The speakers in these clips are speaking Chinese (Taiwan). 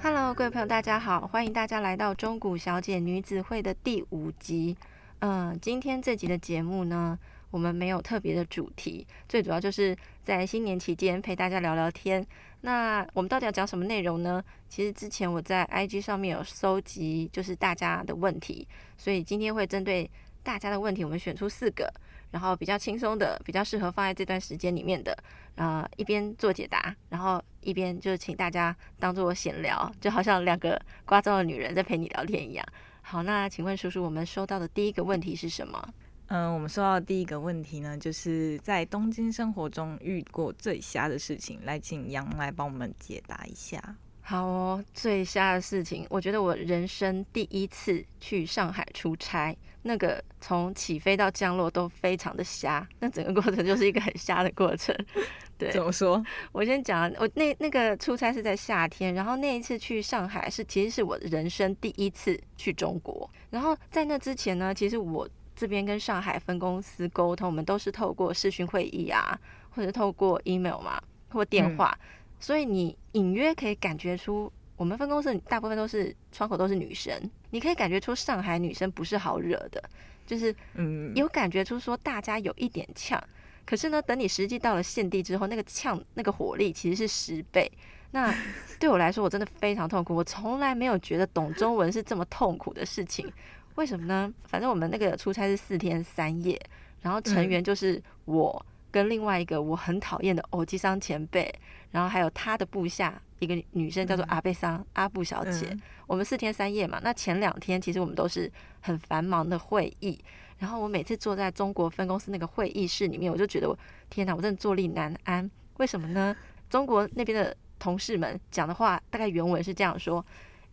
Hello，各位朋友，大家好，歡迎大家來到《中古小姐女子會》的第五集。嗯、呃，今天這集的節目呢，我們沒有特別的主題，最主要就是在新年期間陪大家聊聊天。那我們到底要講什麼內容呢？其實之前我在 IG 上面有蒐集，就是大家的問題，所以今天會針對大家的問題，我們選出四個，然後比較輕鬆的，比較適合放在這段時間裡面的，啊、呃，一邊做解答，然後一邊就是請大家當做閒聊，就好像兩個聒噪的女人在陪你聊天一樣。好，那請問舒舒，我們收到的第一個問題是什麼？嗯，我們說到的第一個問題呢，就是在東京生活中遇過最瞎的事情，來請楊來幫我們解答一下。好哦，最瞎的事情，我覺得我人生第一次去上海出差，那個從起飛到降落都非常的瞎，那整個過程就是一個很瞎的過程。對，怎麼說？我先講，我那那個出差是在夏天，然後那一次去上海是其實是我人生第一次去中國，然後在那之前呢，其實我。這邊跟上海分公司溝通，我們都是透過視訊會議啊，或者透過 email 嘛，或電話，嗯、所以你隱約可以感覺出，我們分公司大部分都是窗口都是女生，你可以感覺出上海女生不是好惹的，就是，嗯、有感覺出說大家有一點嗆，嗯、可是呢，等你實際到了現地之後，那個嗆那個火力其實是十倍，那對我來說我真的非常痛苦， 我從來沒有覺得懂中文是這麼痛苦的事情。為什麼呢？反正我們那個出差是四天三夜，然後成員就是我跟另外一個我很討厭的歐吉桑前輩，然後還有他的部下，一個女生叫做阿貝桑、嗯、阿布小姐。我們四天三夜嘛，那前兩天其實我們都是很繁忙的會議，然後我每次坐在中國分公司那個會議室裡面，我就覺得我天哪，我真的坐立難安。為什麼呢？中國那邊的同事們講的話，大概原文是這樣說。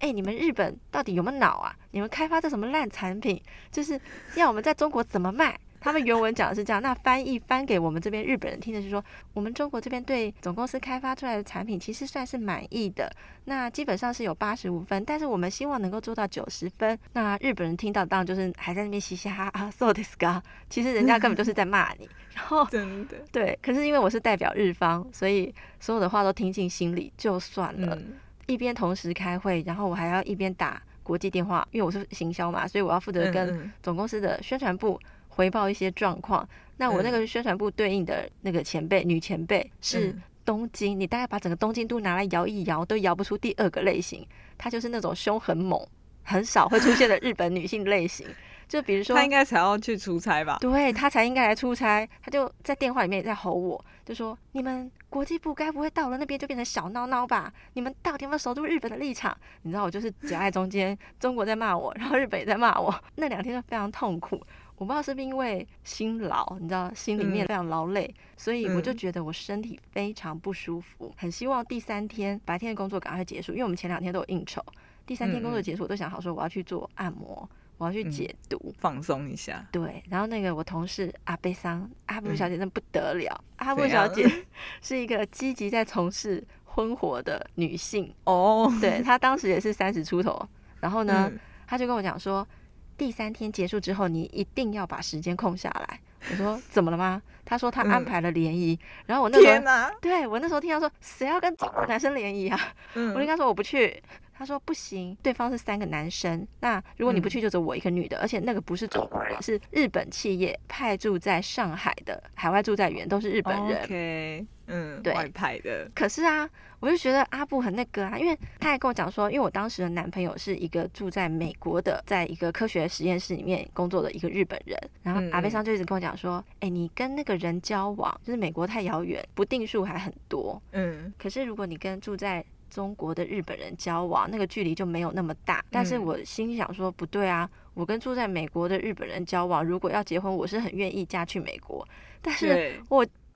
哎、欸，你們日本到底有沒有腦啊？你們開發這什麼爛產品，就是要我們在中國怎麼賣？ 他們原文講的是這樣，那翻譯翻給我們這邊日本人聽的是說，我們中國這邊對總公司開發出來的產品其實算是滿意的，那基本上是有八十五分，但是我們希望能夠做到九十分。那日本人聽到當然就是還在那邊嘻嘻哈哈啊，そうですか，其實人家根本就是在罵你。 然後，的對，可是因為我是代表日方，所以所有的話都聽進心裡就算了。嗯一邊同時開會，然後我還要一邊打國際電話，因為我是行銷嘛，所以我要負責跟總公司的宣傳部回報一些狀況。嗯、那我那個宣傳部對應的那個前輩、嗯、女前輩是東京，嗯、你大概把整個東京都拿來搖一搖，都搖不出第二個類型。她就是那種胸很猛、很少會出現的日本女性類型， 就比如說她應該才要去出差吧？對，她才應該來出差。她就在電話裡面在吼我，就說你們。國際部該不會到了那邊就變成小鬧鬧吧？你們到底有沒有守住日本的立場？你知道我就是夾在中間， 中國在罵我，然後日本也在罵我，那兩天就非常痛苦。我不知道是不是因為辛勞，你知道心裡面非常勞累，嗯、所以我就覺得我身體非常不舒服。嗯、很希望第三天白天的工作趕快結束，因為我們前兩天都有應酬，第三天工作的結束，我都想好說我要去做按摩。我要去解讀、嗯、放鬆一下。對，然後那個我同事阿貝桑阿布小姐，那、嗯、不得了。阿布小姐是一個積極在從事婚活的女性哦。對，她當時也是三十出頭。然後呢，嗯、她就跟我講說，第三天結束之後，你一定要把時間空下來。我說怎麼了嗎？她說她安排了聯誼。嗯、然後我那時候，啊、對我那時候聽到說，誰要跟男生聯誼啊？嗯、我就跟她說我不去。他說不行，對方是三個男生。那如果你不去，就只我一個女的。嗯、而且那個不是中國人，嗯、是日本企業派駐在上海的海外駐在員，都是日本人。OK，嗯，外對派的。可是啊，我就覺得阿布很那個啊，因為他也跟我講說，因為我當時的男朋友是一個住在美國的，在一個科學實驗室裡面工作的一個日本人。然後阿貝桑就一直跟我講說，哎、嗯，你跟那個人交往，就是美國太遙遠，不定數還很多。嗯，可是如果你跟住在中國的日本人交往，那個距離就沒有那麼大。但是我心想說，不對啊，嗯、我跟住在美國的日本人交往，如果要結婚，我是很願意嫁去美國。但是我。的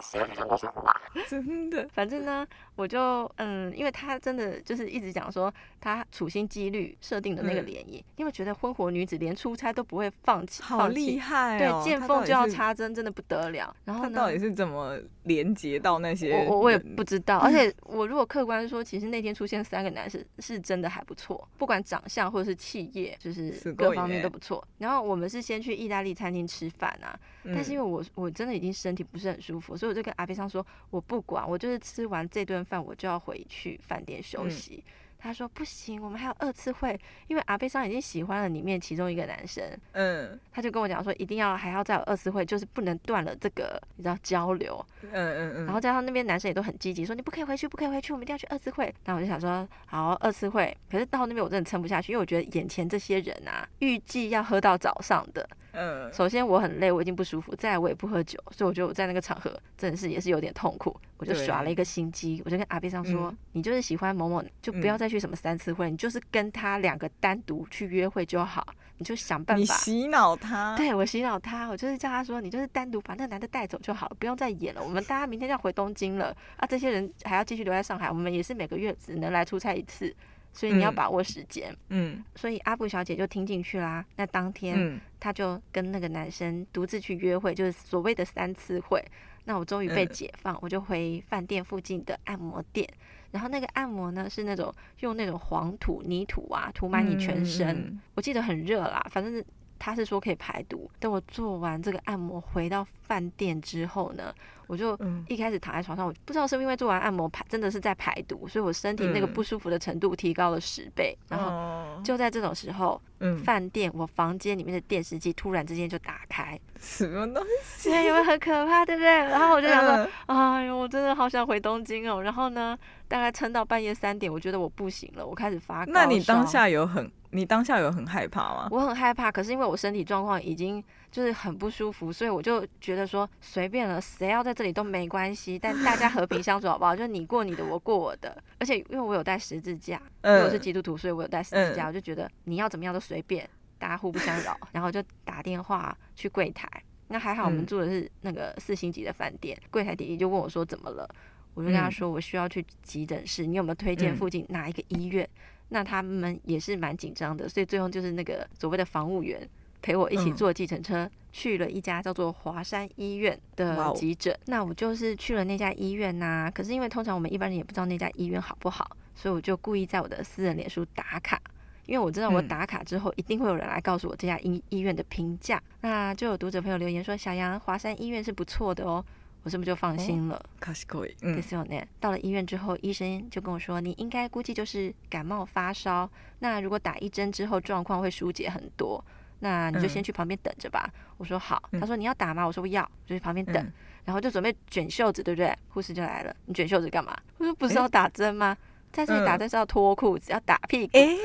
生的生真的，反正呢，我就嗯，因為他真的就是一直講說，他處心積慮設定的那個聯誼，嗯、因為覺得婚活女子連出差都不會放棄，好厲害、哦，對，見縫就要插針，真的不得了。然後呢，他到底是怎麼連接到那些？我我也不知道。而且我如果客觀說，嗯、其實那天出現三個男士是真的還不錯，不管長相或者是企業，就是各方面都不錯。然後我們是先去意大利餐廳吃飯啊，嗯、但是。因為我我真的已經身體不是很舒服，所以我就跟阿貝桑說，我不管，我就是吃完這頓飯我就要回去飯店休息。嗯、他說不行，我們還有二次會，因為阿貝桑已經喜歡了裡面其中一個男生，嗯，他就跟我講說，一定要還要再有二次會，就是不能斷了這個你知道交流，嗯嗯嗯。然後在他那邊男生也都很積極，說你不可以回去，不可以回去，我們一定要去二次會。那我就想說，好二次會，可是到那邊我真的撐不下去，因為我覺得眼前這些人啊，預計要喝到早上的。嗯，首先我很累，我已經不舒服。再來，我也不喝酒，所以我覺得我在那個場合真的是也是有點痛苦。我就耍了一個心機，啊、我就跟阿貝上說：“嗯、你就是喜歡某某，就不要再去什麼三次會，嗯、你就是跟他兩個單獨去約會就好。你就想辦法，你洗腦他。對，我洗腦他，我就是叫他說，你就是單獨把那個男的帶走就好，不用再演了。我們大家明天就要回東京了， 啊，這些人還要繼續留在上海，我們也是每個月只能來出差一次。”所以你要把握時間。嗯，嗯，所以阿布小姐就聽進去啦。那當天，她、嗯、就跟那個男生獨自去約會，就是所謂的三次會。那我終於被解放，嗯、我就回飯店附近的按摩店。然後那個按摩呢，是那種用那種黃土泥土啊塗滿你全身，嗯嗯、我記得很熱啦，反正是。他是說可以排毒。等我做完這個按摩回到飯店之後呢，我就一開始躺在床上，嗯、我不知道是因為做完按摩排真的是在排毒，所以我身體那個不舒服的程度提高了十倍。嗯、然後就在這種時候，飯、嗯、店我房間裡面的電視機突然之間就打開，什麼東西、欸？有沒有很可怕，對不對？然後我就想說，嗯、哎呦，我真的好想回東京哦。然後呢？大概撐到半夜三點，我覺得我不行了，我開始發高燒。那你當下有很，你當下有很害怕嗎？我很害怕，可是因為我身體狀況已經就是很不舒服，所以我就覺得說隨便了，誰要在這裡都沒關係。但大家和平相處好不好？ 就你過你的，我過我的。而且因為我有帶十字架，呃、因為我是基督徒，所以我有帶十字架，呃、我就覺得你要怎麼樣都隨便，大家互不相擾。 然後就打電話去櫃檯，那還好我們住的是那個四星級的飯店，櫃、嗯、檯第一就問我說怎麼了。我就跟他說，我需要去急診室，嗯、你有沒有推薦附近哪一個醫院？嗯、那他們也是蠻緊張的，所以最後就是那個所謂的房務員陪我一起坐計程車，嗯、去了一家叫做華山醫院的急診。哦，那我就是去了那家醫院吶，啊，可是因為通常我們一般人也不知道那家醫院好不好，所以我就故意在我的私人臉書打卡，因為我知道我打卡之後，嗯、一定會有人來告訴我這家醫醫院的評價。那就有讀者朋友留言說，小楊華山醫院是不錯的哦。我是不是就放心了？哦、嗯，到了醫院之後，醫生就跟我說，你應該估計就是感冒發燒。那如果打一針之後狀況會紓解很多，那你就先去旁邊等着吧。嗯、我說好。他說你要打嗎？我說我要。我就去旁邊等，嗯、然後就準備卷袖子，對不對？護士就來了，你卷袖子幹嘛？我說不是要打針嗎？欸、在這裡打針是要脫褲子，嗯、要打屁股。誒、欸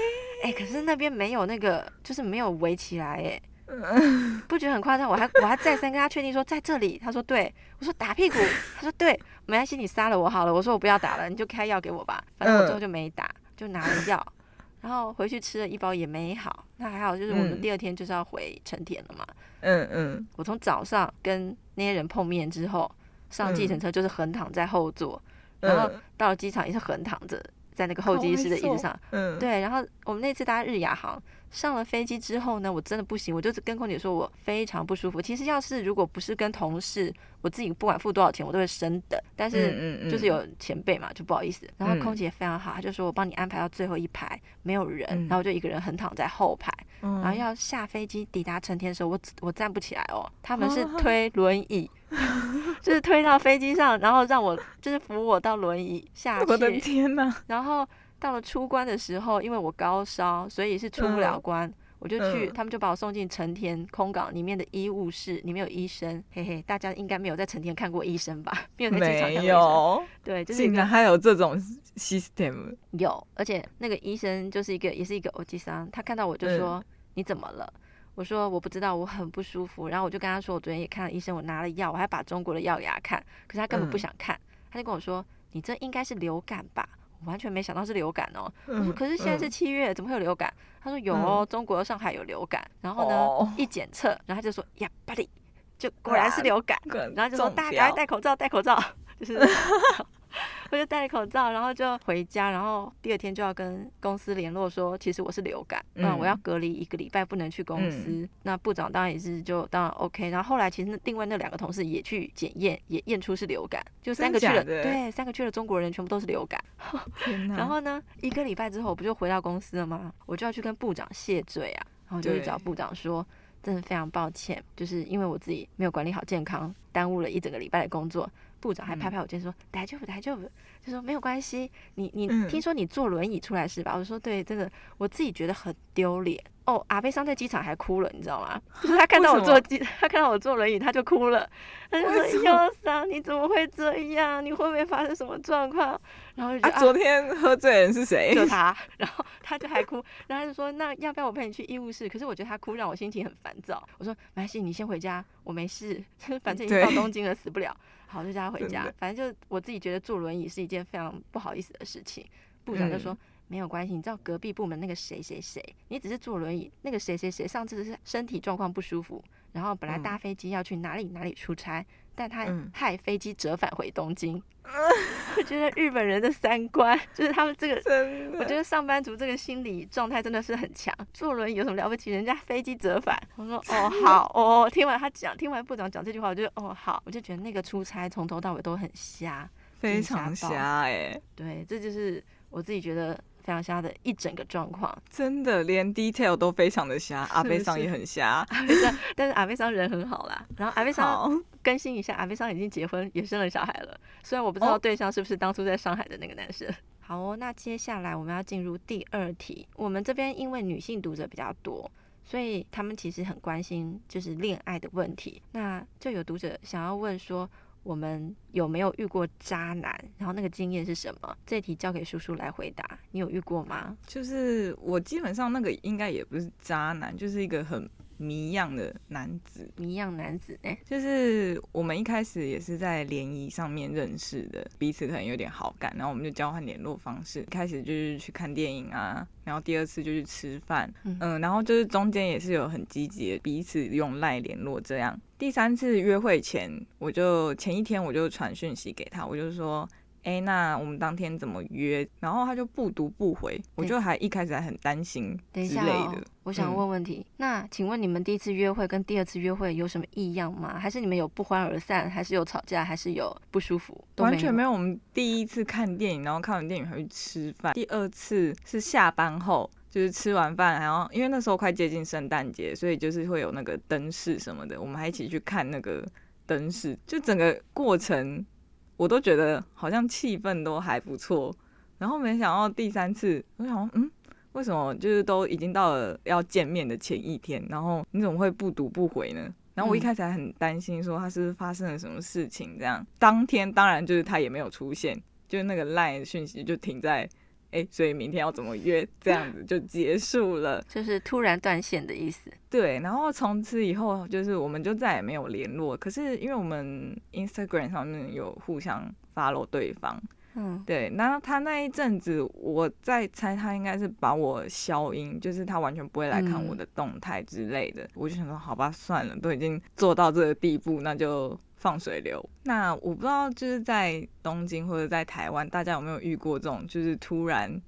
欸，可是那邊沒有那個，就是沒有圍起來，誒。 不覺得很誇張？我還我還再三跟他確定說在這裡，他說對，我說打屁股，他說對，沒關係，你殺了我好了。我說我不要打了，你就開藥給我吧。反正我最後就沒打，就拿了藥，然後回去吃了一包也沒好。那還好，就是我們第二天就是要回成田了嘛。嗯嗯，我從早上跟那些人碰面之後，上計程車就是橫躺在後座，然後到了機場也是橫躺着在那個候機室的椅子上。嗯，對，然後我們那次搭日亞航。上了飛機之後呢，我真的不行，我就跟空姐說，我非常不舒服。其實要是如果不是跟同事，我自己不管付多少錢，我都會升等。但是就是有前輩嘛，嗯、就不好意思。嗯、然後空姐非常好，她就說我幫你安排到最後一排，沒有人，嗯、然後我就一個人橫躺在後排。嗯、然後要下飛機抵達成田的時候，我我站不起來哦，他們是推輪椅，哦、 就是推到飛機上，然後讓我就是扶我到輪椅下去。我的天吶、啊，然後。到了出關的時候，因為我高燒，所以是出不了關。嗯、我就去，嗯、他們就把我送進成田空港裡面的醫務室，裡面有醫生。嘿嘿，大家應該沒有在成田看過醫生吧？沒有在成田看過醫生。沒有。對，就是。竟然還有這種 system。有，而且那個醫生就是一個，也是一個歐吉桑。他看到我就說：“嗯、你怎麼了？”我說：“我不知道，我很不舒服。”然後我就跟他說：“我昨天也看了醫生，我拿了藥，我還把中國的藥給他看，可是他根本不想看。嗯”他就跟我說：“你這應該是流感吧？”完全沒想到是流感哦！嗯、可是現在是七月，嗯、怎麼會有流感？他說有哦，嗯、中國上海有流感。然後呢，哦、一檢測，然後他就說：“呀巴哩就果然是流感。果然，果然，然後就說：“中標。大家趕快戴口罩，戴口罩。”就是。 我就戴了口罩，然後就回家，然後第二天就要跟公司聯絡說，其實我是流感，嗯、嗯我要隔離一個禮拜，不能去公司。嗯、那部長當然也是就當然 OK。然後後來其實另外那兩個同事也去檢驗，也驗出是流感，就三個去了，對，三個去了，中國人全部都是流感。天哪然後呢，一個禮拜之後我不就回到公司了嗎？我就要去跟部長謝罪啊，然後就去找部長說，對真的非常抱歉，就是因為我自己沒有管理好健康，耽誤了一整個禮拜的工作。部長還拍拍我肩說：“大丈夫，大丈夫，就說沒有關係。你你聽說你坐輪椅出來是吧？嗯、我說對，真的，我自己覺得很丟臉。哦、oh,，阿貝桑在機場還哭了，你知道嗎？就是蛤他看到我坐機，他看到我坐輪椅，他就哭了，他就說，喲桑，你怎麼會這樣？你會不會發生什麼狀況？然後就、啊啊、昨天喝醉人是誰？就他，然後他就還哭， 然後他就說那要不要我陪你去醫務室？可是我覺得他哭讓我心情很煩躁。我說沒關係，你先回家，我沒事，反正已經到東京了死不了。”好，就叫他回家。真的。反正就我自己覺得坐輪椅是一件非常不好意思的事情。部長就說，嗯，沒有關係，你知道隔壁部門那個誰誰誰，你只是坐輪椅，那個誰誰誰上次是身體狀況不舒服，然後本來搭飛機要去哪裡哪裡出差。嗯但他害飛機折返回東京，嗯、 我覺得日本人的三觀就是他們這個，的我覺得上班族這個心理狀態真的是很強。坐輪椅有什麼了不起？人家飛機折返。我說哦好哦，聽完他講，聽完部長講這句話，我就哦好，我就覺得那個出差從頭到尾都很瞎，非常瞎哎。對，這就是我自己覺得。非常瞎的一整個狀況，真的連 detail 都非常的瞎，是不是阿貝桑也很瞎？阿貝桑，但是阿貝桑人很好啦。然後阿貝桑更新一下，好阿貝桑已經結婚，也生了小孩了。雖然我不知道對象是不是當初在上海的那個男生。哦好哦，那接下來我們要進入第二題。我們這邊，因為女性讀者比較多，所以他們其實很關心就是戀愛的問題。那就有讀者想要問說。我們有沒有遇過渣男？然後那個經驗是什麼？這題交給舒舒來回答。你有遇過嗎？就是我基本上那個應該也不是渣男，就是一個很。謎樣的男子，謎樣男子哎，欸、就是我們一開始也是在聯誼上面認識的，彼此可能有點好感，然後我們就交換聯絡方式，一開始就是去看電影啊，然後第二次就去吃飯，嗯、呃，然後就是中間也是有很積極的彼此用賴聯絡這樣，第三次約會前，我就前一天我就傳訊息給他，我就說。哎、欸，那我們當天怎麼約？然後他就不讀不回，對我就還一開始還很擔心之類的，等一下、哦。我想問問題，嗯、那請問你們第一次約會跟第二次約會有什麼異樣嗎？還是你們有不歡而散？還是有吵架？還是有不舒服？完全沒有。我們第一次看電影，然後看完電影還去吃飯。第二次是下班後，就是吃完飯，然後因為那時候快接近聖誕節，所以就是會有那個燈飾什麼的。我們還一起去看那個燈飾，就整個過程，我都覺得好像氣氛都還不錯，然後沒想到第三次，我想說，嗯，為什麼就是都已經到了要見面的前一天，然後你怎麼會不讀不回呢？然後我一開始還很擔心，說他是不是發生了什麼事情這樣。嗯、當天當然就是他也沒有出現，就是那個 LINE 訊息就停在。哎、欸，所以明天要怎麼約？這樣子就結束了， 就是突然斷線的意思。對，然後從此以後，就是我們就再也沒有聯絡。可是因為我們 Instagram 上面有互相 follow 對方，嗯，對。然後他那一陣子，我在猜他應該是把我消音，就是他完全不會來看我的動態之類的。嗯、我就想說，好吧，算了，都已經做到這個地步，那就。放水流，那我不知道就是在東京或者在台灣，大家有沒有遇過這種，就是突然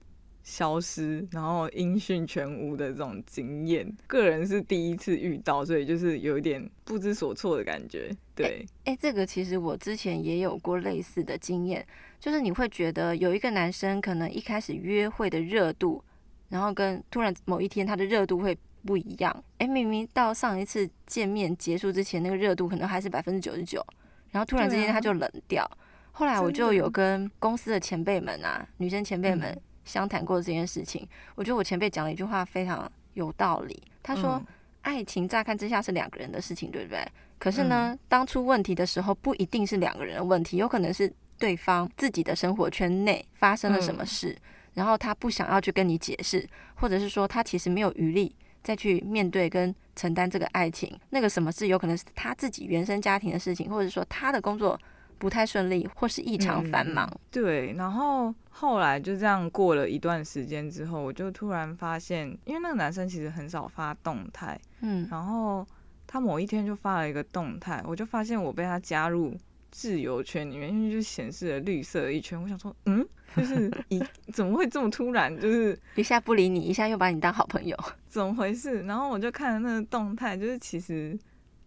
消失，然後音訊全無的這種經驗？個人是第一次遇到，所以就是有一點不知所措的感覺。對，哎、欸欸，這個其實我之前也有過類似的經驗，就是你會覺得有一個男生可能一開始約會的熱度，然後跟突然某一天他的熱度會。不一樣誒，明明到上一次見面結束之前，那個熱度可能還是百分之九十九，然後突然之間他就冷掉。啊、後來我就有跟公司的前輩們啊，真的女生前輩們相談過這件事情。嗯、我覺得我前輩講了一句話非常有道理，他說：“嗯、愛情乍看之下是兩個人的事情，對不對？可是呢，嗯、當出問題的時候，不一定是兩個人的問題，有可能是對方自己的生活圈內發生了什麼事，嗯、然後他不想要去跟你解釋，或者是說他其實沒有餘力。”再去面對跟承擔這個愛情，那個什麼事有可能是他自己原生家庭的事情，或者說他的工作不太順利或是異常繁忙。嗯，對，然後後來就這樣過了一段時間之後，我就突然發現，因為那個男生其實很少發動態，嗯，然後他某一天就發了一個動態，我就發現我被他加入。自由圈裡面，因為就顯示了綠色一圈，我想說，嗯，就是一怎麼會這麼突然？就是一下不理你，一下又把你當好朋友，怎麼回事？然後我就看了那個動態，就是其實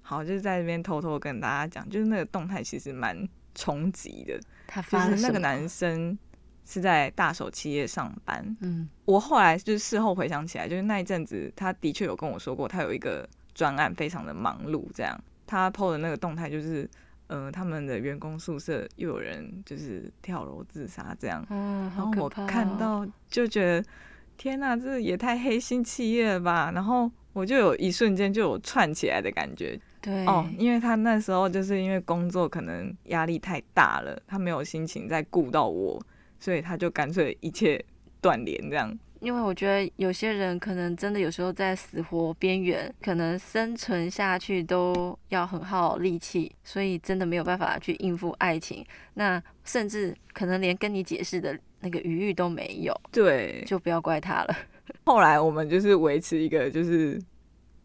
好，就是在這邊偷偷跟大家講，就是那個動態其實蠻衝擊的。他發現那個男生是在大手企業上班。嗯，我後來就事後回想起來，就是那一陣子，他的確有跟我說過，他有一個專案非常的忙碌，這樣他 PO 的那個動態就是。呃、他們的員工宿舍又有人就是跳樓自殺這樣，嗯哦、然後我看到就覺得天哪、啊，這也太黑心企業了吧！然後我就有一瞬間就有串起來的感覺，對哦，因為他那時候就是因為工作可能壓力太大了，他沒有心情再顧到我，所以他就乾脆一切斷聯這樣。因為我覺得有些人可能真的有時候在死活邊緣，可能生存下去都要很耗力氣，所以真的沒有辦法去應付愛情，那甚至可能連跟你解釋的那個餘裕都沒有。對，就不要怪他了。後來我們就是維持一個，就是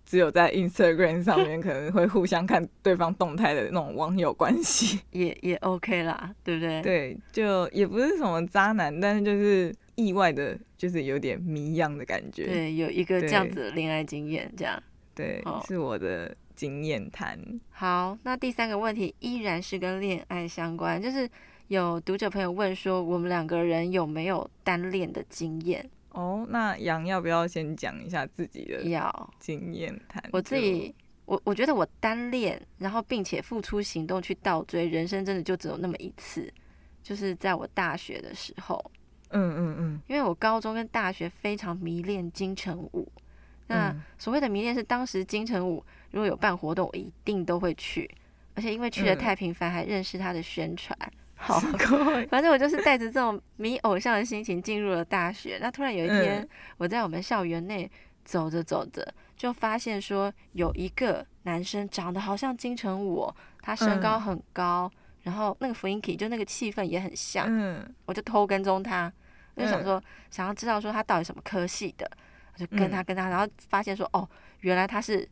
只有在 Instagram 上面可能會互相看對方動態的那種網友關係，也也 OK 啦，對不對？對，就也不是什麼渣男，但是就是。意外的，就是有點謎樣的感覺。對，有一個這樣子的戀愛經驗，這樣對，嗯、是我的經驗談。好，那第三個問題依然是跟戀愛相關，就是有讀者朋友問說，我們兩個人有沒有單戀的經驗？哦，那楊要不要先講一下自己的經驗談？我自己，不我我覺得我單戀，然後並且付出行動去倒追，人生真的就只有那麼一次，就是在我大學的時候。嗯嗯嗯，因為我高中跟大學非常迷戀金城武，那所謂的迷戀是當時金城武如果有辦活動，我一定都會去，而且因為去的太頻繁，還認識他的宣傳。好，好酷反正我就是帶着這種迷偶像的心情進入了大學。 那突然有一天，我在我們校園內走着走着，就發現說有一個男生長得好像金城武，哦，他身高很高。嗯然後那個 f l i n k 就那個氣氛也很像，嗯、我就偷跟蹤他，嗯、就想說想要知道說他到底什麼科系的，嗯、我就跟他跟他，然後發現說哦，原來他是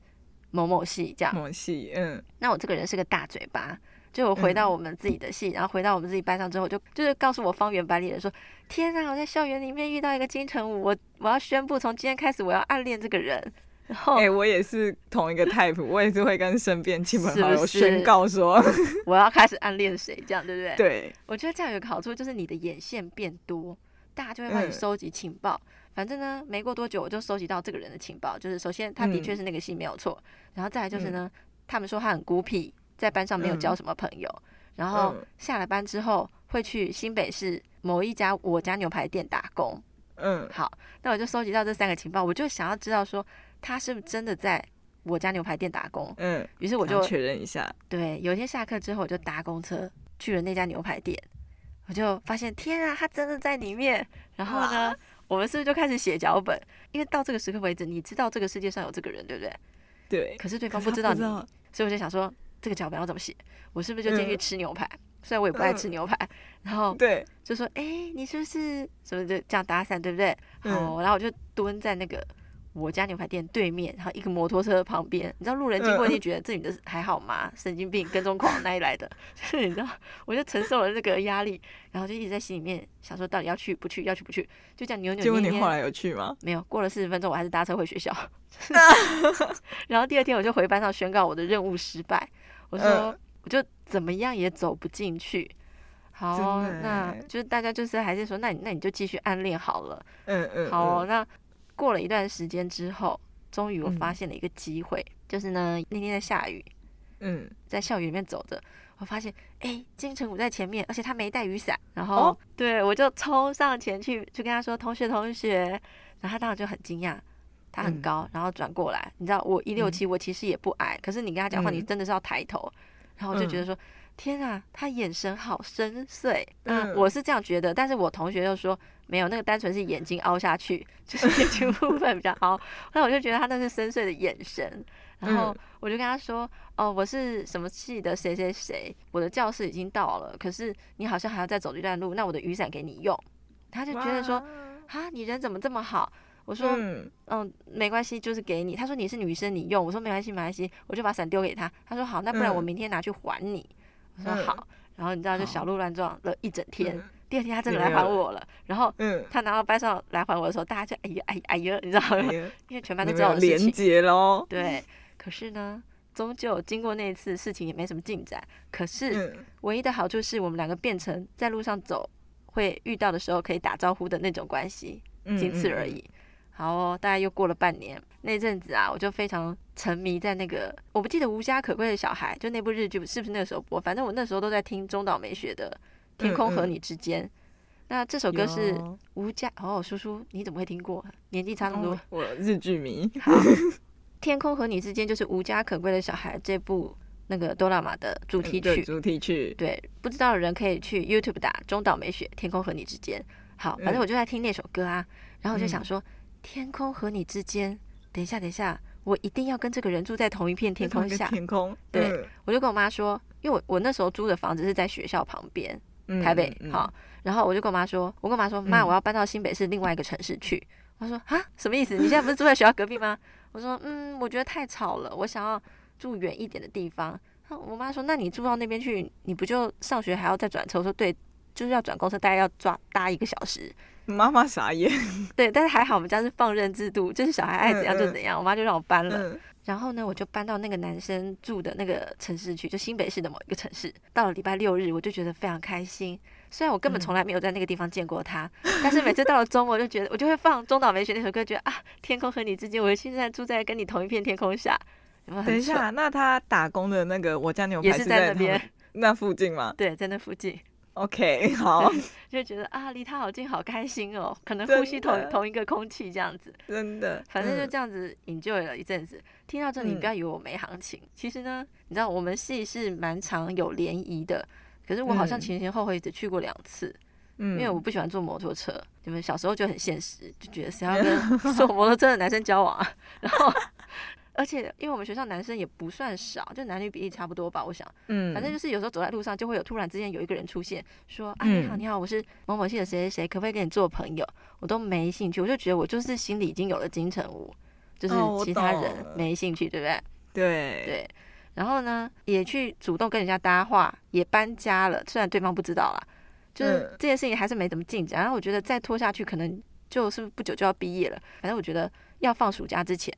某某系這樣。某系，嗯。那我這個人是個大嘴巴，就我回到我們自己的系，嗯、然後回到我們自己班上之後，就，就就是告訴我方圓百里的人說：天哪，我在校園裡面遇到一個金城武，我我要宣布，從今天開始我要暗戀這個人。哎、欸，我也是同一個 type， 我也是會跟身邊親朋好友宣告說是是， 我要開始暗戀誰，這樣，對不對？對。我覺得這樣有個好處，就是你的眼線變多，大家就會幫你收集情報。嗯、反正呢，沒過多久我就收集到這個人的情報，就是首先他的確是那個信沒有錯，嗯、然後再來就是呢，嗯、他們說他很孤僻，在班上沒有交什麼朋友，嗯、然後下了班之後會去新北市某一家我家牛排店打工。嗯，好，那我就收集到這三個情報，我就想要知道說。他是不是真的在我家牛排店打工？嗯，於是我就確認一下。對，有一天下課之後，我就搭公車去了那家牛排店，我就發現天啊，他真的在裡面。然後呢，哇我們是不是就開始寫腳本？因為到這個時刻為止，你知道這個世界上有這個人，對不對？對。可是對方不知道你，知道所以我就想說，這個腳本要怎麼寫？我是不是就進去吃牛排？嗯、雖然我也不愛吃牛排。嗯、然後對，就說哎，你是不是所以就這樣搭訕，對不對？好，嗯、然後我就蹲在那個。我家牛排店對面，然後一個摩托車旁邊，你知道路人經過就覺得這女的是還好嗎？神、呃、經病、跟蹤狂那一來的， 就是你知道，我就承受了這個壓力，然後就一直在心裡面想說，到底要去不去？要去不去？就這樣扭扭捏捏。結果你後來有去嗎？沒有，過了四十分鐘，我還是搭車回學校。 啊、 然後第二天我就回班上宣告我的任務失敗，我說我就怎麼樣也走不進去。好，嗯、那就是大家就是還是說那，那你那你就繼續暗戀好了。嗯嗯。嗯好，嗯、那。過了一段時間之後，終於我發現了一個機會，嗯、就是呢，那天在下雨，嗯，在校園裡面走着，我發現哎金、欸、城武在前面，而且他沒帶雨傘，然後、哦、對，我就衝上前去，就跟他說同學同學，然後他當時就很驚訝，他很高，嗯、然後轉過來，你知道我一六七，我其實也不矮，可是你跟他講話、嗯、你真的是要抬頭，然後我就覺得說。嗯天啊，他眼神好深邃！那，嗯嗯、我是這樣覺得，但是我同學又說沒有，那個單純是眼睛凹下去，就是眼睛部分比較凹。那 我就覺得他那是深邃的眼神，然後我就跟他說，哦、呃，我是什麼系的誰誰誰，我的教室已經到了，可是你好像還要再走一段路，那我的雨傘給你用。他就覺得說，啊哇，你人怎麼這麼好？我說，嗯，嗯，沒關係，就是給你。他說你是女生，你用。我說沒關係，沒關係，我就把傘丟給他。他說好，那不然我明天拿去還你。嗯說好，嗯、然後你知道就小鹿亂撞了一整天。好第二天他真的來還我了，嗯、然後他拿到班上來還我的時候，大家就哎呀、哎呀、哎呀，你知道、哎、呦因為全班都知道我的事情嘍。連結對，可是呢，終究經過那次事情也沒什麼進展。可是唯一的好處是，我們兩個變成在路上走會遇到的時候可以打招呼的那種關係，僅此、嗯嗯、而已。好哦，大概又過了半年，那陣子啊，我就非常沉迷在那個，我不記得《無家可歸的小孩》就那部日劇是不是那個時候播？反正我那時候都在聽中島美雪的《天空和你之間》。嗯嗯、那這首歌是《無家》有，哦，叔叔你怎麼會聽過？年紀差那麼多，oh, 我日劇迷。好，《 天空和你之間》就是《無家可歸的小孩》這部那個多拉瑪的主題曲。嗯、主題曲，對，主題曲對，不知道的人可以去 YouTube 打中島美雪《天空和你之間》。好，反正我就在聽那首歌啊，嗯、然後我就想說。天空和你之間，等一下，等一下，我一定要跟這個人住在同一片天空下。天空，對，對，嗯、我就跟我媽說，因為我我那時候租的房子是在學校旁邊，台北，嗯嗯、好，然後我就跟我媽說，我跟我媽說，媽，我要搬到新北市另外一個城市去。她、嗯、說啊，什麼意思？你現在不是住在學校隔壁嗎？ 我說，嗯，我覺得太吵了，我想要住遠一點的地方。我媽說，那你住到那邊去，你不就上學還要再轉車？我說對。就是要轉公車，大概要抓搭一個小時。媽媽傻眼。對，但是還好我們家是放任制度，就是小孩愛怎樣就怎樣。嗯、我媽就讓我搬了。嗯、然後呢，我就搬到那個男生住的那個城市去，就新北市的某一個城市。到了禮拜六日，我就覺得非常開心。雖然我根本從來沒有在那個地方見過他，嗯、但是每次到了周末，我就覺得 我就會放中島美雪那首歌，就覺得啊，天空和你之間，我現在住在跟你同一片天空下。有沒有很？等一下、啊，那他打工的那個我家牛排也是在那邊在那附近嗎？對，在那附近。OK，好， 就覺得啊，離他好近，好開心哦，可能呼吸同的同一個空氣這樣子，真的，反正就這樣子，Enjoy 了一陣子。嗯、聽到這裡，不要以為我沒行情，其實呢，你知道我們系是蠻常有聯誼的，可是我好像前前後後只去過兩次，嗯、因為我不喜歡坐摩托車，嗯、你們小時候就很現實，就覺得誰要跟坐摩托車的男生交往啊， 然後。而且，因為我們學校男生也不算少，就男女比例差不多吧。我想，嗯，反正就是有時候走在路上，就會有突然之間有一個人出現說，說、嗯、啊你好你好，我是某某系的誰誰誰，可不可以跟你做朋友？我都沒興趣，我就覺得我就是心裡已經有了金城武，就是其他人沒興趣，哦、對不吧對？對對。然後呢，也去主動跟人家搭話，也搬家了，雖然對方不知道啦，就是這件事情還是沒怎麼進展。然後、嗯啊、我覺得再拖下去，可能就是不久就要畢業了，反正我覺得要放暑假之前。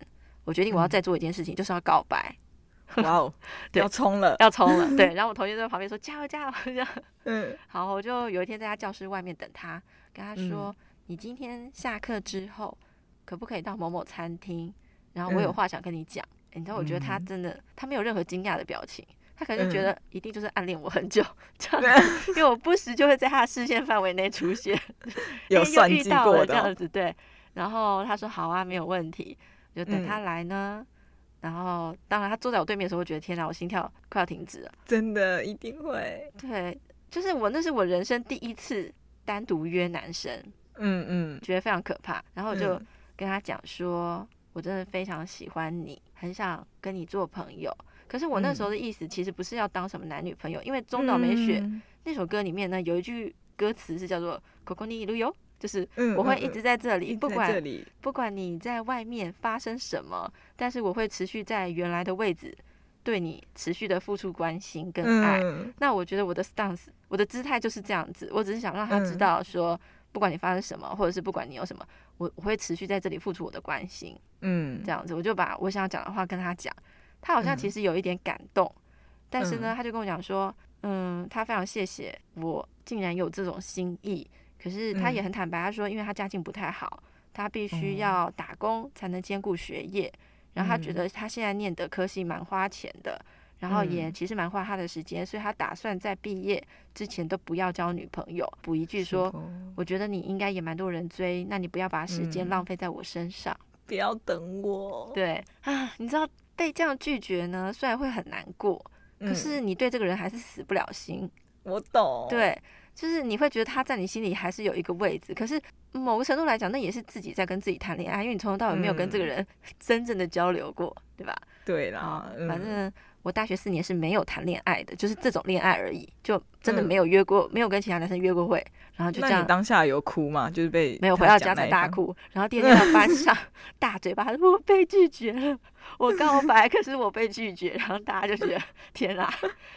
我決定我要再做一件事情，就是要告白。哇哦，對，要衝了，要衝了。對，然後我同學在旁邊說加油加油這樣，嗯，好，我就有一天在他教室外面等他，跟他說：“你今天下課之後，可不可以到某某餐廳？然後我有話想跟你講。”你知道，我覺得他真的，他沒有任何驚訝的表情，他可能就覺得一定就是暗戀我很久，這樣，因為我不時就會在他的視線範圍內出現，有算計過，這樣子。對，然後他說：“好啊，沒有問題。”就等他來呢，嗯、然後當然他坐在我對面的時候，會覺得天哪，我心跳快要停止了，真的一定會。對，就是我那是我人生第一次單獨約男生，嗯嗯，嗯覺得非常可怕。然後我就跟他講說，嗯、我真的非常喜歡你，很想跟你做朋友。可是我那時候的意思其實不是要當什麼男女朋友，因為中島美雪、嗯、那首歌裡面呢有一句歌詞是叫做“ここにいるよ”。就是我會一直在這裡，不管，不管你在外面發生什麼，但是我會持續在原來的位置，對你持續的付出關心跟愛。那我覺得我的 stance，我的姿態就是這樣子。我只是想讓他知道說，不管你發生什麼，或者是不管你有什麼，我我會持續在這裡付出我的關心。嗯，這樣子我就把我想講的話跟他講，他好像其實有一點感動，但是呢，他就跟我講說，嗯，他非常謝謝我竟然有這種心意。可是他也很坦白，他說，嗯、因為他家境不太好，他必須要打工才能兼顧學業。嗯、然後他覺得他現在念的科系蠻花錢的，然後也其實蠻花他的時間，嗯、所以他打算在畢業之前都不要交女朋友。補一句說，不我覺得你應該也蠻多人追，那你不要把時間浪費在我身上，嗯，不要等我。對啊，你知道被這樣拒絕呢，雖然會很難過，可是你對這個人還是死不了心。我懂。對。就是你會覺得他在你心裡還是有一個位置，可是某個程度來講，那也是自己在跟自己談戀愛，因為你從頭到尾沒有跟這個人真正的交流過，嗯、對吧？對啦，然後反正，嗯我大學四年是沒有談戀愛的，就是這種戀愛而已，就真的沒有約過，嗯、沒有跟其他男生約過會，然後就這樣。你當下有哭嗎？就是被沒有回到家才大哭，然後第二天到班上，大嘴巴說我被拒絕了，我告白， 可是我被拒絕，然後大家就覺得天啊，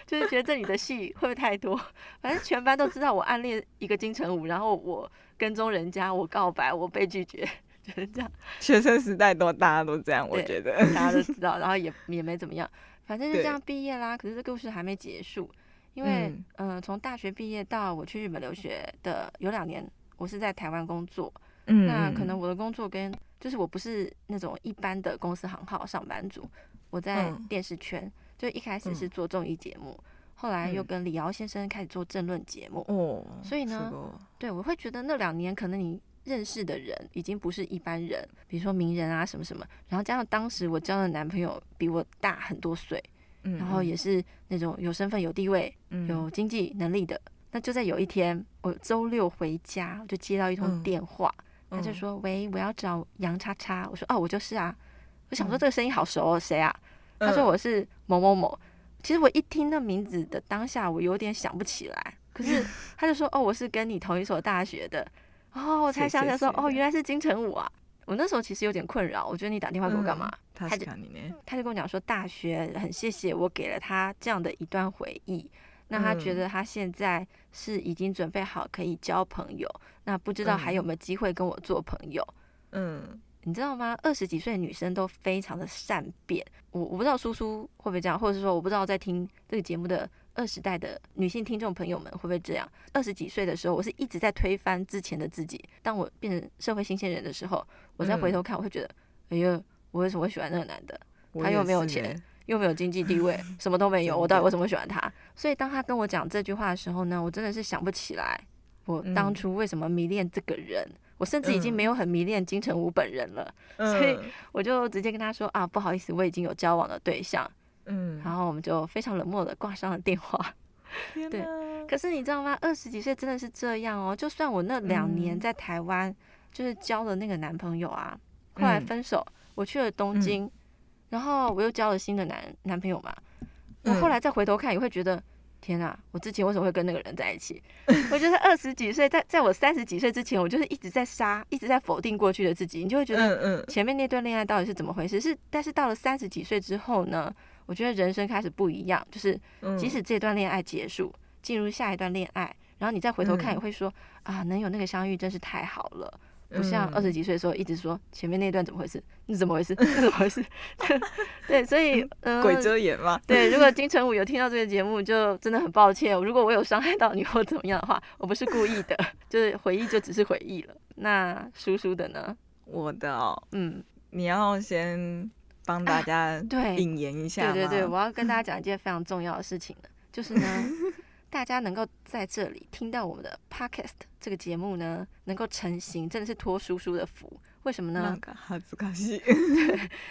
就是覺得這裡的戲會不會太多？反正全班都知道我暗戀一個金城武，然後我跟蹤人家，我告白，我被拒絕，就是這樣。學生時代都，大家都這樣，我覺得大家都知道，然後也也沒怎麼樣。反正就這樣畢業啦。對可是這個故事還沒結束，因為嗯，從、呃、大學畢業到我去日本留學的有兩年，我是在台灣工作。嗯，那可能我的工作跟就是我不是那種一般的公司行號上班族，我在電視圈，嗯、就一開始是做綜藝節目，嗯、後來又跟李敖先生開始做政論節目。哦、嗯，所以呢，的對我會覺得那兩年可能你。認識的人已經不是一般人，比如說名人啊什麼什麼。然後加上當時我交的男朋友比我大很多歲，嗯嗯然後也是那種有身份、有地位、嗯嗯有經濟能力的。那就在有一天，我周六回家，我就接到一通電話，嗯嗯他就說：“喂，我要找楊叉叉。”我說：“哦，我就是啊。”我想說這個聲音好熟哦，誰，嗯嗯，啊？他說：“我是某某某。”其實我一聽那名字的當下，我有點想不起來。可是他就說：“ 哦，我是跟你同一所大學的。”哦，我才想起來說，哦，原來是金城武啊！我那時候其實有點困擾，我覺得你打電話給我幹嘛？嗯，他就他就跟我講說，大學很謝謝我給了他這樣的一段回憶，那他覺得他現在是已經準備好可以交朋友，那不知道還有沒有機會跟我做朋友？嗯，你知道嗎？二十幾歲的女生都非常的善變，我我不知道叔叔會不會這樣，或者是說我不知道在聽這個節目的。二十代的女性聽眾朋友們，會不會這樣？二十幾歲的時候，我是一直在推翻之前的自己。當我變成社會新鮮人的時候，我再回頭看，我會覺得，嗯、哎呦我為什麼會喜歡那個男的？他又沒有錢，又沒有經濟地位， 什麼都沒有，我到底為什麼會喜歡他？真的。所以，當他跟我講這句話的時候呢，我真的是想不起來我當初為什麼迷戀這個人。嗯、我甚至已經沒有很迷戀金城武本人了，嗯、所以我就直接跟他說啊，不好意思，我已經有交往的對象。嗯，然後我們就非常冷漠地掛上了電話。哪對，可是你知道嗎？二十幾歲真的是這樣哦。就算我那兩年在台灣，嗯、就是交了那個男朋友啊，後來分手，嗯、我去了東京，嗯、然後我又交了新的男男朋友嘛。我後來再回頭看，也會覺得、嗯、天哪，我之前為什麼會跟那個人在一起？ 我覺得二十幾歲，在在我三十幾歲之前，我就是一直在殺，一直在否定過去的自己。你就會覺得，嗯嗯，前面那段戀愛到底是怎麼回事？是，但是到了三十幾歲之後呢？我覺得人生開始不一樣，就是即使這段戀愛結束，進、嗯、入下一段戀愛，然後你再回頭看，也會說、嗯、啊，能有那個相遇真是太好了。嗯、不像二十幾歲的時候一直說前面那段怎麼回事，是怎麼回事，怎麼回事。 對，所以嗯，呃、鬼遮眼嘛。對，如果金城武有聽到這個節目，就真的很抱歉。如果我有傷害到你或怎麼樣的話，我不是故意的，就是回憶就只是回憶了。那舒舒的呢？我的哦，嗯，你要先。幫大家引言一下、啊對，對對對，我要跟大家講一件非常重要的事情了， 就是呢，大家能夠在這裡聽到我們的 Podcast 這個節目呢，能夠成型，真的是托叔叔的福。為什麼呢？哈子卡西，對，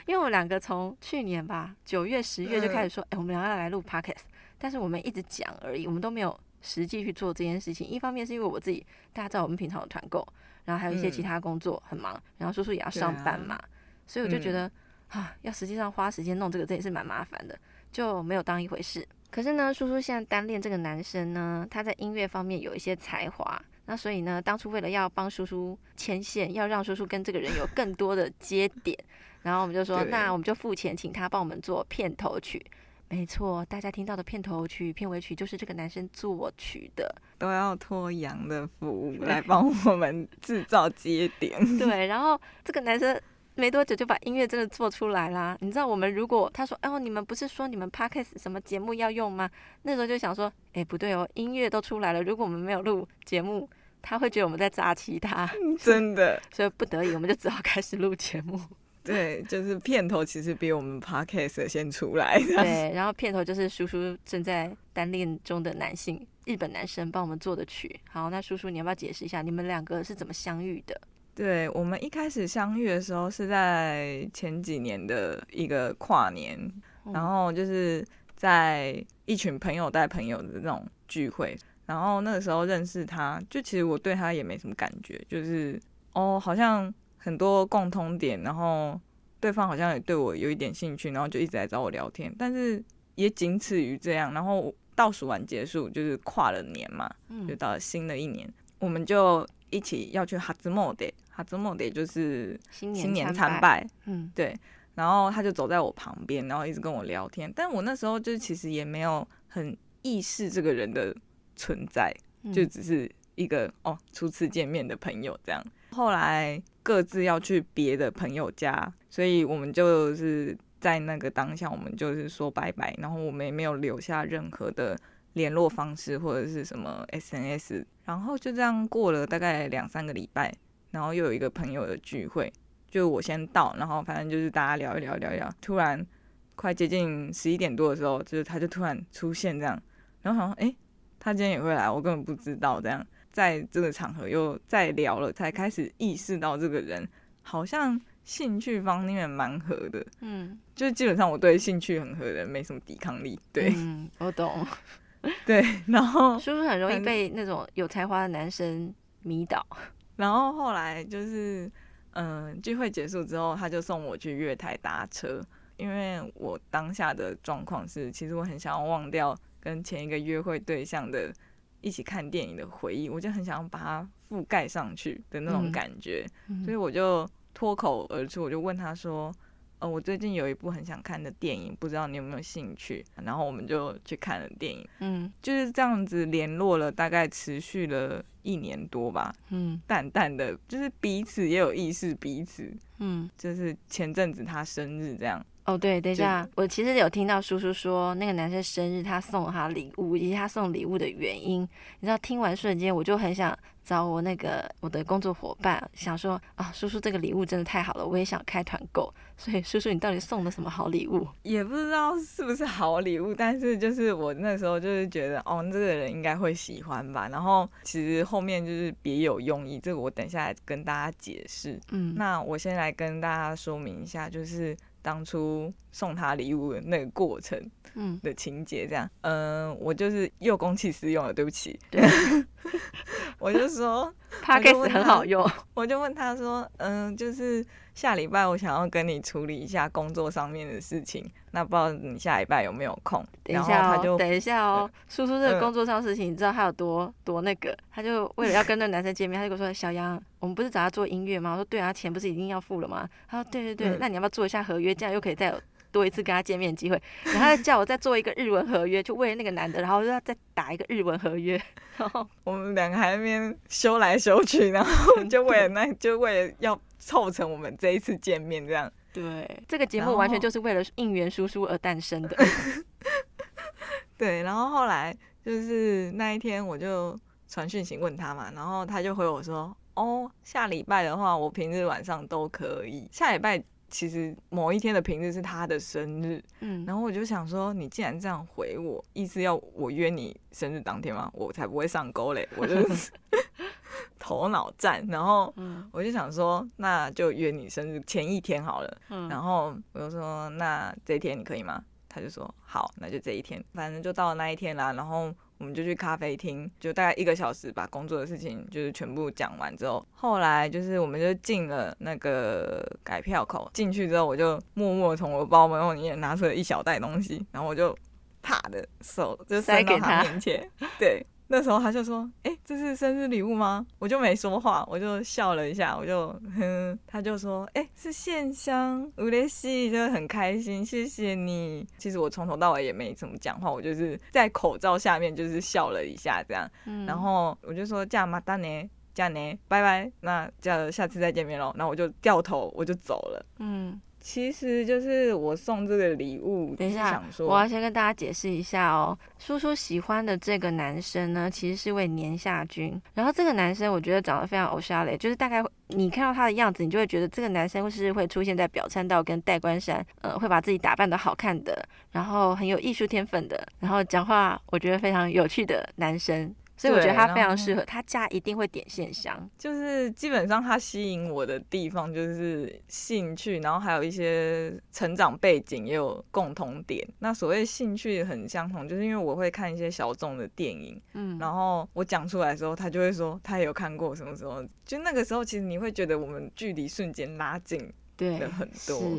因為我兩個從去年吧，九月、十月就開始說，哎、嗯欸，我們兩個要來錄 Podcast，但是我們一直講而已，我們都沒有實際去做這件事情。一方面是因為我自己，大家知道我們平常有團購，然後還有一些其他工作、嗯、很忙，然後叔叔也要上班嘛，嗯、所以我就覺得。嗯啊，要實際上花時間弄這個，這也是蠻麻煩的，就沒有當一回事。可是呢，舒舒現在單戀這個男生呢，他在音樂方面有一些才華，那所以呢，當初為了要幫舒舒牽線，要讓舒舒跟這個人有更多的接點， 然後我們就說，對那我們就付錢請他幫我們做片頭曲。沒錯，大家聽到的片頭曲、片尾曲就是這個男生作曲的。都要托羊的服務來幫我們製造接點。對， 對，然後這個男生。沒多久就把音樂真的做出來啦，你知道我們如果他說，哦，你們不是說你們 Podcast 什麼節目要用嗎？那時候就想說，哎，不對哦，音樂都出來了，如果我們沒有錄節目，他會覺得我們在砸其他，真的所，所以不得已我們就只好開始錄節目。對，就是片頭其實比我們 Podcast 先出來。對，然後片頭就是叔叔正在單戀中的男性日本男生幫我們做的曲。好，那叔叔你要不要解釋一下你們兩個是怎麼相遇的？對，我們一開始相遇的時候是在前幾年的一個跨年，然後就是在一群朋友帶朋友的那種聚會，然後那個時候認識他，就其實我對他也沒什麼感覺，就是哦好像很多共通點，然後對方好像也對我有一點興趣，然後就一直來找我聊天，但是也僅止於這樣。然後倒數完結束，就是跨了年嘛，就到了新的一年，我們就一起要去初詣。他週末得就是新年參拜，參拜，嗯，對，然後他就走在我旁邊，然後一直跟我聊天。但我那時候就其實也沒有很意識這個人的存在，就只是一個哦初次見面的朋友這樣。後來各自要去別的朋友家，所以我們就是在那個當下，我們就是說拜拜，然後我們也沒有留下任何的聯絡方式或者是什麼 SNS，然後就這樣過了大概兩三個禮拜。然後又有一個朋友的聚會，就我先到，然後反正就是大家聊一聊，聊一聊。突然快接近十一點多的時候，就是他就突然出現這樣，然後好像哎，他今天也會來，我根本不知道這樣，在這個場合又再聊了，才開始意識到這個人好像興趣方面蠻合的，嗯，就是基本上我對興趣很合的人沒什麼抵抗力，對，嗯，我懂，對，然後是不是很容易被那種有才華的男生迷倒？然後後來就是，嗯、呃，聚會結束之後，他就送我去月台搭車。因為我當下的狀況是，其實我很想要忘掉跟前一個約會對象的一起看電影的回憶，我就很想要把它覆蓋上去的那種感覺，嗯，所以我就脫口而出，我就問他說。呃、哦，我最近有一部很想看的電影，不知道你有沒有興趣？然後我們就去看了電影，嗯，就是這樣子聯絡了，大概持續了一年多吧，嗯，淡淡的，就是彼此也有意思彼此，嗯，就是前陣子他生日這樣。哦，對，等下就我其實有聽到叔叔說那個男生生日，他送了他禮物以及他送禮物的原因。你知道，聽完瞬間我就很想找我那個我的工作伙伴，想說啊、哦，叔叔這個禮物真的太好了，我也想開團購。所以叔叔，你到底送了什麼好禮物？也不知道是不是好禮物，但是就是我那時候就是覺得哦，這個人應該會喜歡吧。然後其實後面就是別有用意。這個我等一下來跟大家解釋。嗯，那我先來跟大家說明一下，就是。當初。送他禮物的那個過程，嗯，的情節這樣，嗯，我就是又公器私用了，對不起，我就說 Pockets 很好用，我就問他說，嗯，就是下禮拜我想要跟你處理一下工作上面的事情，那不知道你下禮拜有沒有空？等一下哦，等一下哦，叔叔這個工作上事情，你知道他有多多那個，他就為了要跟那個男生見面，他就跟我說，小楊，我們不是找他做音樂嗎？我說對啊，錢不是已經要付了嗎？他說對對對，那你要不要做一下合約，這樣又可以再多一次跟他見面機會，然後他叫我再做一個日文合約， 就為了那個男的，然後又要再打一個日文合約，然後我們兩個還那邊修來修去，然後就為了那的就為了要湊成我們這一次見面這樣。對，這個節目完全就是為了應援叔叔而誕生的。然後 對，然後後來就是那一天，我就傳訊息問他嘛，然後他就回我說：“哦，下禮拜的話，我平日晚上都可以。”下禮拜。其實某一天的平日是他的生日，嗯、然後我就想說，你既然這樣回我，意思要我約你生日當天嗎？我才不會上鈎嘞，我就是、 頭腦戰。然後我就想說，那就約你生日前一天好了。嗯、然後我就說，那這天你可以嗎？他就說好，那就這一天，反正就到了那一天啦。然後。我們就去咖啡廳，就大概一個小時把工作的事情就是全部講完之後，後來就是我們就進了那個改票口，進去之後我就默默從我包包裡面拿出了一小袋東西，然後我就啪的手就塞到他面前，給 對。那時候他就說：“哎、欸，這是生日禮物嗎？”我就沒說話，我就笑了一下，我就，哼，他就說：“哎、欸，是線香，嬉しい，就很開心，謝謝你。”其實我從頭到尾也沒怎麼講話，我就是在口罩下面就是笑了一下這樣，嗯、然後我就說：“加馬達內，加呢，拜拜，那就下次再見面嘍。”然後我就掉頭，我就走了。嗯。其實就是我送這個禮物。等一下，想說，我要先跟大家解釋一下哦、喔。叔叔喜歡的這個男生呢，其實是位年下君。然後這個男生，我覺得長得非常歐沙雷，就是大概你看到他的樣子，你就會覺得這個男生是會出現在表參道跟代官山，呃，會把自己打扮的好看的，然後很有藝術天分的，然後講話我覺得非常有趣的男生。所以我覺得他非常適合，他家一定會點線香。就是基本上他吸引我的地方就是興趣，然後還有一些成長背景也有共同點。那所謂興趣很相同，就是因為我會看一些小眾的電影，嗯，然後我講出來的時候，他就會說他也有看過什麼什麼，就那個時候其實你會覺得我們距離瞬間拉近。對的很多，是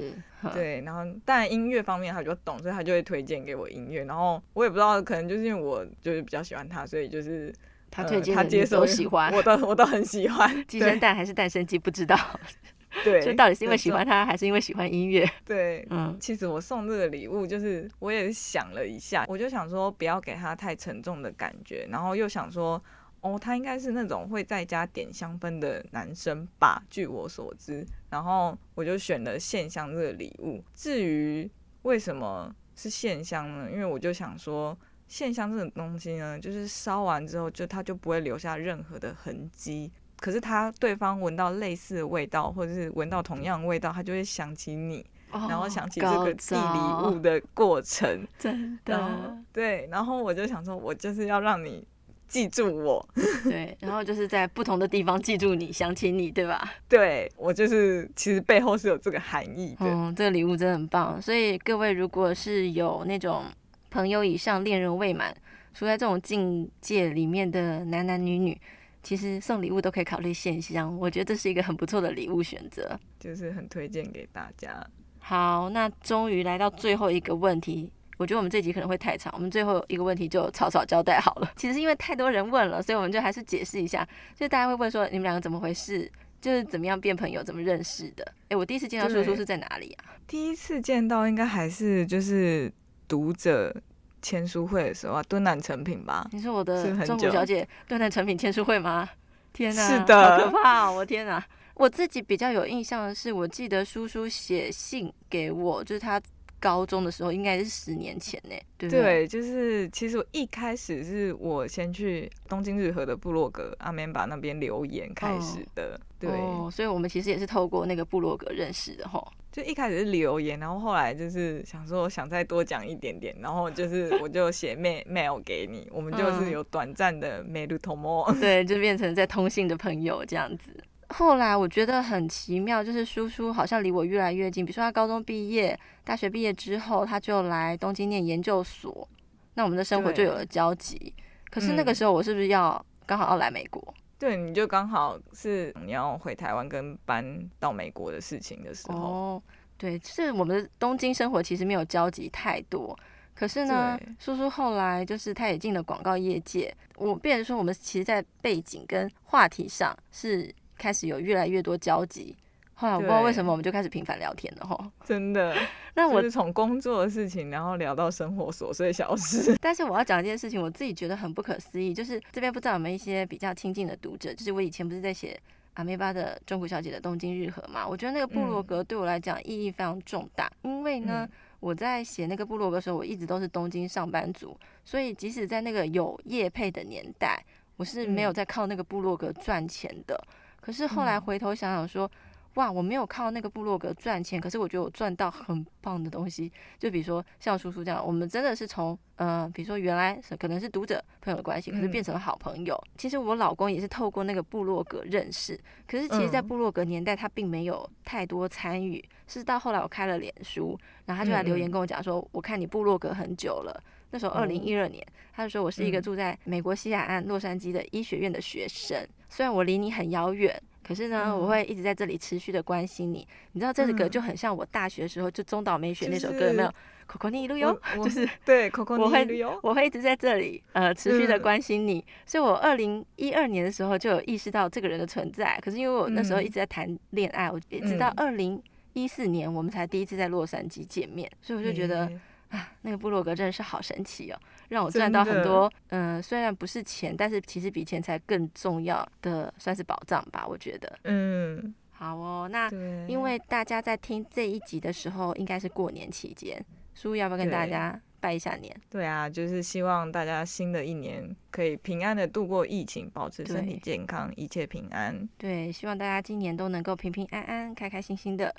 對，呵然後但音樂方面他就懂，所以他就會推薦給我音樂，然後我也不知道，可能就是因為我就是比較喜歡他，所以就是他推薦、呃、他接受都喜歡，我都我都很喜歡，雞 生蛋還是蛋生雞不知道， 對， 就到底是因為喜歡他對還是因為喜歡音樂？對，嗯，其實我送這個禮物就是我也想了一下，我就想說不要給他太沉重的感覺，然後又想說。哦，他應該是那種會在家點香氛的男生吧？據我所知，然後我就選了線香這個禮物。至於為什麼是線香呢？因為我就想說，線香這種東西呢，就是燒完之後就它就不會留下任何的痕跡。可是他對方聞到類似的味道，或者是聞到同樣的味道，他就會想起你，哦、然後想起這個遞禮物的過程。真的，對。然後我就想說，我就是要讓你。記住我，對，然後就是在不同的地方記住你， 想起你，對吧？對，我就是，其實背後是有這個含義的。嗯、哦，這個禮物真的很棒，所以各位如果是有那種朋友以上戀人未滿，處在這種境界裡面的男男女女，其實送禮物都可以考慮線香，我覺得這是一個很不錯的禮物選擇，就是很推薦給大家。好，那終於來到最後一個問題。我覺得我們這集可能會太長，我們最後一個問題就草草交代好了。其實因為太多人問了，所以我們就還是解釋一下。就是、大家會問說，你們兩個怎麼回事？就是怎麼樣變朋友，怎麼認識的？哎、欸，我第一次見到舒舒是在哪裡啊？第一次見到應該還是就是讀者簽書會的時候啊，敦南誠品吧？你說我的中古小姐敦南誠品簽書會嗎？天哪、啊，是的，好可怕、哦！我天哪、啊，我自己比較有印象的是，我記得舒舒寫信給我，就是他。高中的時候應該是十年前呢，對，對，就是其實我一開始是我先去東京日和的部落格阿綿吧那邊留言開始的，哦、對、哦，所以我們其實也是透過那個部落格認識的齁。齁就一開始是留言，然後後來就是想說想再多講一點點，然後就是我就寫 mail mail 給你，我們就是有短暫的 mail o more、嗯、對，就變成在通信的朋友這樣子。後來我覺得很奇妙，就是叔叔好像離我越來越近。比如說，他高中畢業、大學畢業之後，他就來東京念研究所，那我們的生活就有了交集。對可是那個時候，我是不是要、嗯、剛好要來美國？對，你就剛好是你要回台灣跟搬到美國的事情的時候。哦，對，就是我們的東京生活其實沒有交集太多。可是呢，對叔叔後來就是他也進了廣告業界，我變成說我們其實，在背景跟話題上是。開始有越來越多交集，後來對、啊、我不知道為什麼我們就開始頻繁聊天了哈。真的， 那我是從工作的事情，然後聊到生活瑣碎小事。 但是我要講一件事情，我自己覺得很不可思議，就是這邊不知道有沒有一些比較親近的讀者，就是我以前不是在寫阿梅巴的中古小姐的東京日和嘛？我覺得那個部落格對我來講意義非常重大，嗯、因為呢，嗯、我在寫那個部落格的時候，我一直都是東京上班族，所以即使在那個有業配的年代，我是沒有在靠那個部落格賺錢的。嗯可是後來回頭想想說，嗯、哇，我沒有靠那個部落格賺錢，可是我覺得我賺到很棒的東西。就比如說像叔叔這樣，我們真的是從呃，比如說原來可能是讀者朋友的關係，可是變成了好朋友。嗯、其實我老公也是透過那個部落格認識，可是其實在部落格年代他並沒有太多參與，是到後來我開了臉書，然後他就來留言跟我講說，嗯、我看你部落格很久了。那時候二零一二年，他就說我是一個住在美國西海岸洛杉磯的醫學院的學生。雖然我離你很遙遠，可是呢，我會一直在這裡持續的關心你。你知道這個歌就很像我大學的時候就中島美雪那首歌，有沒有？Coco 你一路游，就是對，Coco 你一路游。我會一直在這裡，呃，持續的關心你。所以我二零一二年的時候就有意識到這個人的存在。可是因為我那時候一直在談戀愛，我也直到二零一四年我們才第一次在洛杉磯見面，所以我就覺得。啊，那個部落格真的是好神奇哦，讓我賺到很多。嗯的、呃，雖然不是錢，但是其實比錢財更重要的，算是寶藏吧。我覺得，嗯，好哦。那對因為大家在聽這一集的時候，應該是過年期間，舒要不要跟大家拜一下年對？對啊，就是希望大家新的一年可以平安的度過疫情，保持身體健康，對一切平安。對，希望大家今年都能夠平平安安、開開心心的。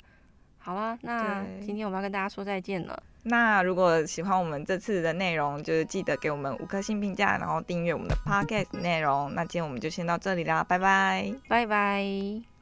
好了，那對今天我們要跟大家說再見了。那如果喜歡我們這次的內容，就是記得給我們五顆星評價，然後訂閱我們的 podcast 內容。那今天我們就先到這裡啦，拜拜，拜拜。